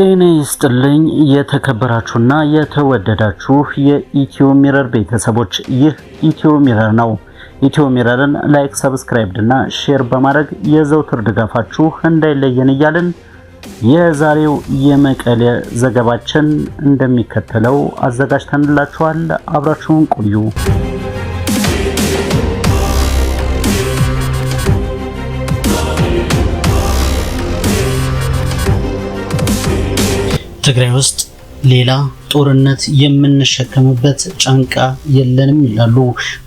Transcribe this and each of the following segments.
ጤና ይስጥልኝ የተከበራችሁና የተወደዳችሁ የኢትዮ ሚረር ቤተሰቦች፣ ይህ ኢትዮ ሚረር ነው። ኢትዮ ሚረርን ላይክ፣ ሰብስክራይብ እና ሼር በማድረግ የዘውትር ድጋፋችሁ እንዳይለየን እያልን የዛሬው የመቀሌ ዘገባችን እንደሚከተለው አዘጋጅተንላችኋል። አብራችሁን ቆዩ። ትግራይ ውስጥ ሌላ ጦርነት የምንሸከምበት ጫንቃ የለንም ይላሉ።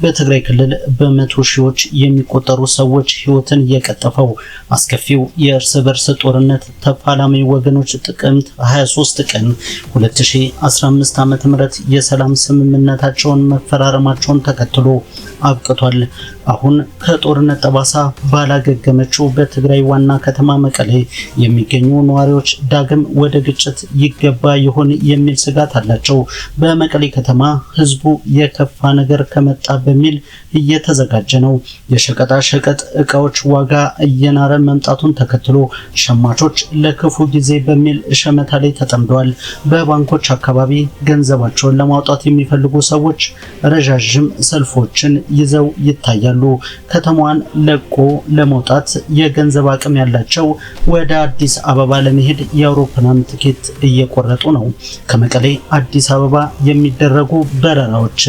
በትግራይ ክልል በመቶ ሺዎች የሚቆጠሩ ሰዎች ሕይወትን የቀጠፈው አስከፊው የእርስ በርስ ጦርነት ተፋላሚ ወገኖች ጥቅምት 23 ቀን 2015 ዓ.ም የሰላም ስምምነታቸውን መፈራረማቸውን ተከትሎ አብቅቷል። አሁን ከጦርነት ጠባሳ ባላገገመችው በትግራይ ዋና ከተማ መቀሌ የሚገኙ ነዋሪዎች ዳግም ወደ ግጭት ይገባ ይሆን የሚል ስጋት ስጋት አላቸው። በመቀሌ ከተማ ህዝቡ የከፋ ነገር ከመጣ በሚል እየተዘጋጀ ነው። የሸቀጣ ሸቀጥ እቃዎች ዋጋ እየናረ መምጣቱን ተከትሎ ሸማቾች ለክፉ ጊዜ በሚል ሸመታ ላይ ተጠምደዋል። በባንኮች አካባቢ ገንዘባቸውን ለማውጣት የሚፈልጉ ሰዎች ረዣዥም ሰልፎችን ይዘው ይታያሉ። ከተማዋን ለቆ ለመውጣት የገንዘብ አቅም ያላቸው ወደ አዲስ አበባ ለመሄድ የአውሮፕላን ትኬት እየቆረጡ ነው። ከመቀሌ አዲስ አበባ የሚደረጉ በረራዎች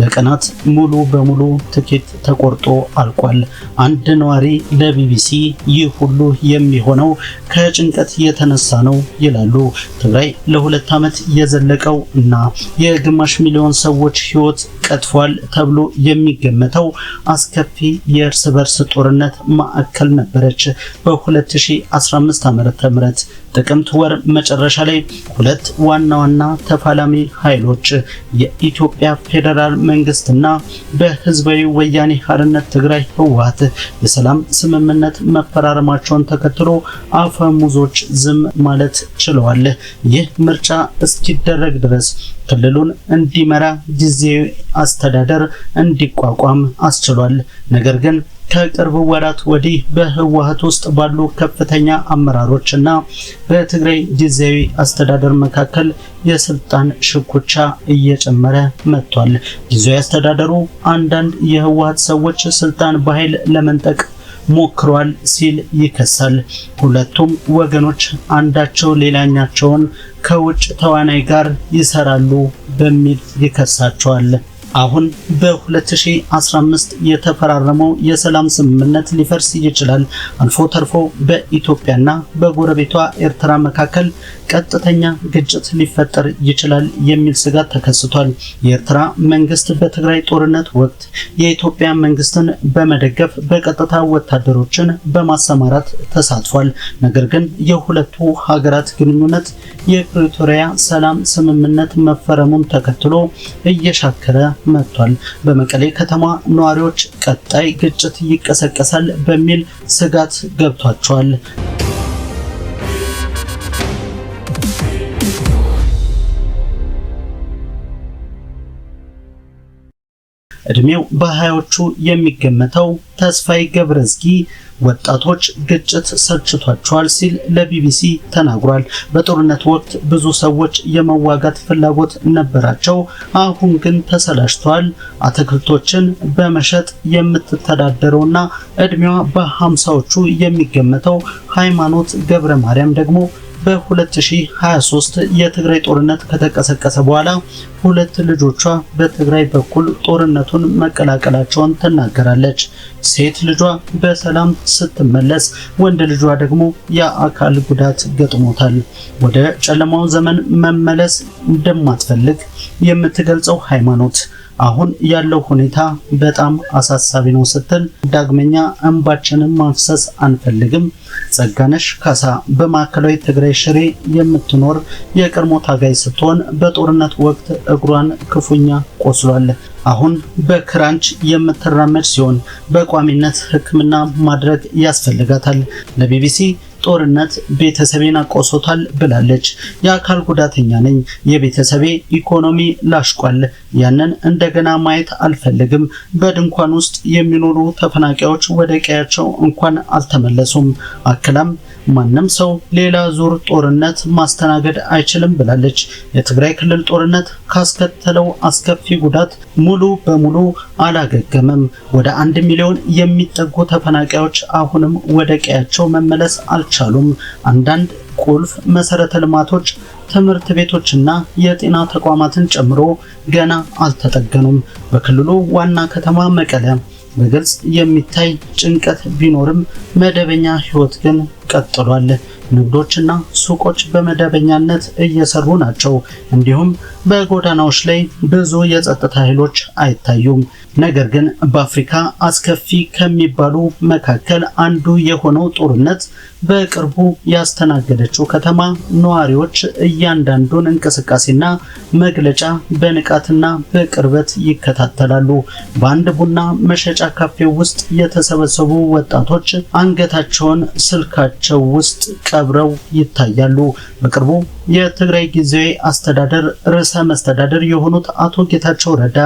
ለቀናት ሙሉ በሙሉ ትኬት ተቆርጦ አልቋል። አንድ ነዋሪ ለቢቢሲ ይህ ሁሉ የሚሆነው ከጭንቀት የተነሳ ነው ይላሉ። ትግራይ ለሁለት ዓመት የዘለቀው እና የግማሽ ሚሊዮን ሰዎች ሕይወት ቀጥፏል ተብሎ የሚገመተው አስከፊ የእርስ በርስ ጦርነት ማዕከል ነበረች። በ2015 ዓ.ም ጥቅምት ወር መጨረሻ ላይ ሁለት ዋና ዋና ተፋላሚ ኃይሎች የኢትዮጵያ ፌዴራል መንግስትና በህዝባዊ ወያኔ ሓርነት ትግራይ ህወሓት የሰላም ስምምነት መፈራረማቸውን ተከትሎ አፈሙዞች ዝም ማለት ችለዋል። ይህ ምርጫ እስኪደረግ ድረስ ክልሉን እንዲመራ ጊዜያዊ አስተዳደር እንዲቋቋም አስችሏል። ነገር ግን ከቅርብ ወራት ወዲህ በህወሀት ውስጥ ባሉ ከፍተኛ አመራሮች እና በትግራይ ጊዜያዊ አስተዳደር መካከል የስልጣን ሽኩቻ እየጨመረ መጥቷል። ጊዜያዊ አስተዳደሩ አንዳንድ የህወሀት ሰዎች ስልጣን በኃይል ለመንጠቅ ሞክሯል ሲል ይከሳል። ሁለቱም ወገኖች አንዳቸው ሌላኛቸውን ከውጭ ተዋናይ ጋር ይሰራሉ በሚል ይከሳቸዋል። አሁን በ2015 የተፈራረመው የሰላም ስምምነት ሊፈርስ ይችላል። አልፎ ተርፎ በኢትዮጵያና በጎረቤቷ ኤርትራ መካከል ቀጥተኛ ግጭት ሊፈጠር ይችላል የሚል ስጋት ተከስቷል። የኤርትራ መንግስት በትግራይ ጦርነት ወቅት የኢትዮጵያ መንግስትን በመደገፍ በቀጥታ ወታደሮችን በማሰማራት ተሳትፏል። ነገር ግን የሁለቱ ሀገራት ግንኙነት የፕሪቶሪያ ሰላም ስምምነት መፈረሙን ተከትሎ እየሻከረ መጥቷል። በመቀሌ ከተማ ነዋሪዎች ቀጣይ ግጭት ይቀሰቀሳል በሚል ስጋት ገብቷቸዋል። እድሜው በሃዮቹ የሚገመተው ተስፋዬ ገብረዝጊ ወጣቶች ግጭት ሰልችቷቸዋል ሲል ለቢቢሲ ተናግሯል። በጦርነት ወቅት ብዙ ሰዎች የመዋጋት ፍላጎት ነበራቸው፣ አሁን ግን ተሰላችቷል። አትክልቶችን በመሸጥ የምትተዳደረውና እድሜዋ በሀምሳዎቹ የሚገመተው ሃይማኖት ገብረ ማርያም ደግሞ በ2023 የትግራይ ጦርነት ከተቀሰቀሰ በኋላ ሁለት ልጆቿ በትግራይ በኩል ጦርነቱን መቀላቀላቸውን ትናገራለች። ሴት ልጇ በሰላም ስትመለስ፣ ወንድ ልጇ ደግሞ የአካል ጉዳት ገጥሞታል። ወደ ጨለማው ዘመን መመለስ እንደማትፈልግ የምትገልጸው ሃይማኖት አሁን ያለው ሁኔታ በጣም አሳሳቢ ነው ስትል ዳግመኛ እንባችንን ማፍሰስ አንፈልግም። ጸጋነሽ ካሳ በማዕከላዊ ትግራይ ሽሬ የምትኖር የቀድሞ ታጋይ ስትሆን በጦርነት ወቅት እግሯን ክፉኛ ቆስሏል። አሁን በክራንች የምትራመድ ሲሆን በቋሚነት ሕክምና ማድረግ ያስፈልጋታል። ለቢቢሲ ጦርነት ቤተሰቤን አቆሶታል ብላለች። የአካል ጉዳተኛ ነኝ፣ የቤተሰቤ ኢኮኖሚ ላሽቋል፣ ያንን እንደገና ማየት አልፈልግም። በድንኳን ውስጥ የሚኖሩ ተፈናቃዮች ወደ ቀያቸው እንኳን አልተመለሱም። አክላም ማንም ሰው ሌላ ዙር ጦርነት ማስተናገድ አይችልም ብላለች። የትግራይ ክልል ጦርነት ካስከተለው አስከፊ ጉዳት ሙሉ በሙሉ አላገገመም። ወደ አንድ ሚሊዮን የሚጠጉ ተፈናቃዮች አሁንም ወደ ቀያቸው መመለስ አልቻ ባይቻሉም አንዳንድ ቁልፍ መሰረተ ልማቶች ትምህርት ቤቶችና የጤና ተቋማትን ጨምሮ ገና አልተጠገኑም። በክልሉ ዋና ከተማ መቀለ በግልጽ የሚታይ ጭንቀት ቢኖርም መደበኛ ህይወት ግን ቀጥሏል። ንግዶችና ሱቆች በመደበኛነት እየሰሩ ናቸው። እንዲሁም በጎዳናዎች ላይ ብዙ የጸጥታ ኃይሎች አይታዩም። ነገር ግን በአፍሪካ አስከፊ ከሚባሉ መካከል አንዱ የሆነው ጦርነት በቅርቡ ያስተናገደችው ከተማ ነዋሪዎች እያንዳንዱን እንቅስቃሴና መግለጫ በንቃትና በቅርበት ይከታተላሉ። በአንድ ቡና መሸጫ ካፌ ውስጥ የተሰበሰቡ ወጣቶች አንገታቸውን ስልካቸው ውስጥ ቀብረው ይታያሉ። በቅርቡ የትግራይ ጊዜያዊ አስተዳደር ርዕሰ መስተዳደር የሆኑት አቶ ጌታቸው ረዳ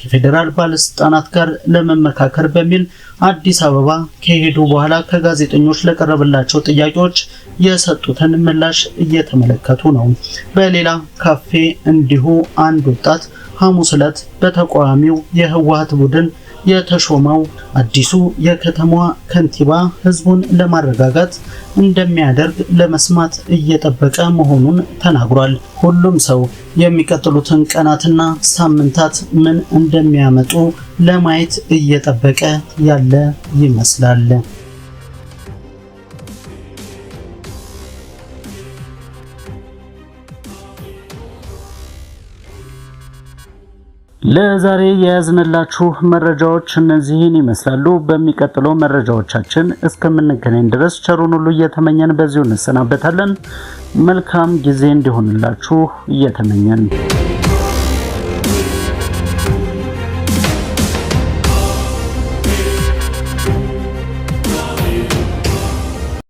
ከፌዴራል ባለስልጣናት ጋር ለመመካከር በሚል አዲስ አበባ ከሄዱ በኋላ ከጋዜጠኞች ለቀረበላቸው ጥያቄዎች የሰጡትን ምላሽ እየተመለከቱ ነው። በሌላ ካፌ እንዲሁ አንድ ወጣት ሐሙስ ዕለት በተቃዋሚው የህወሓት ቡድን የተሾመው አዲሱ የከተማዋ ከንቲባ ህዝቡን ለማረጋጋት እንደሚያደርግ ለመስማት እየጠበቀ መሆኑን ተናግሯል። ሁሉም ሰው የሚቀጥሉትን ቀናትና ሳምንታት ምን እንደሚያመጡ ለማየት እየጠበቀ ያለ ይመስላል። ለዛሬ የያዝንላችሁ መረጃዎች እነዚህን ይመስላሉ። በሚቀጥለው መረጃዎቻችን እስከምንገናኝ ድረስ ቸሩን ሁሉ እየተመኘን በዚሁ እንሰናበታለን። መልካም ጊዜ እንዲሆንላችሁ እየተመኘን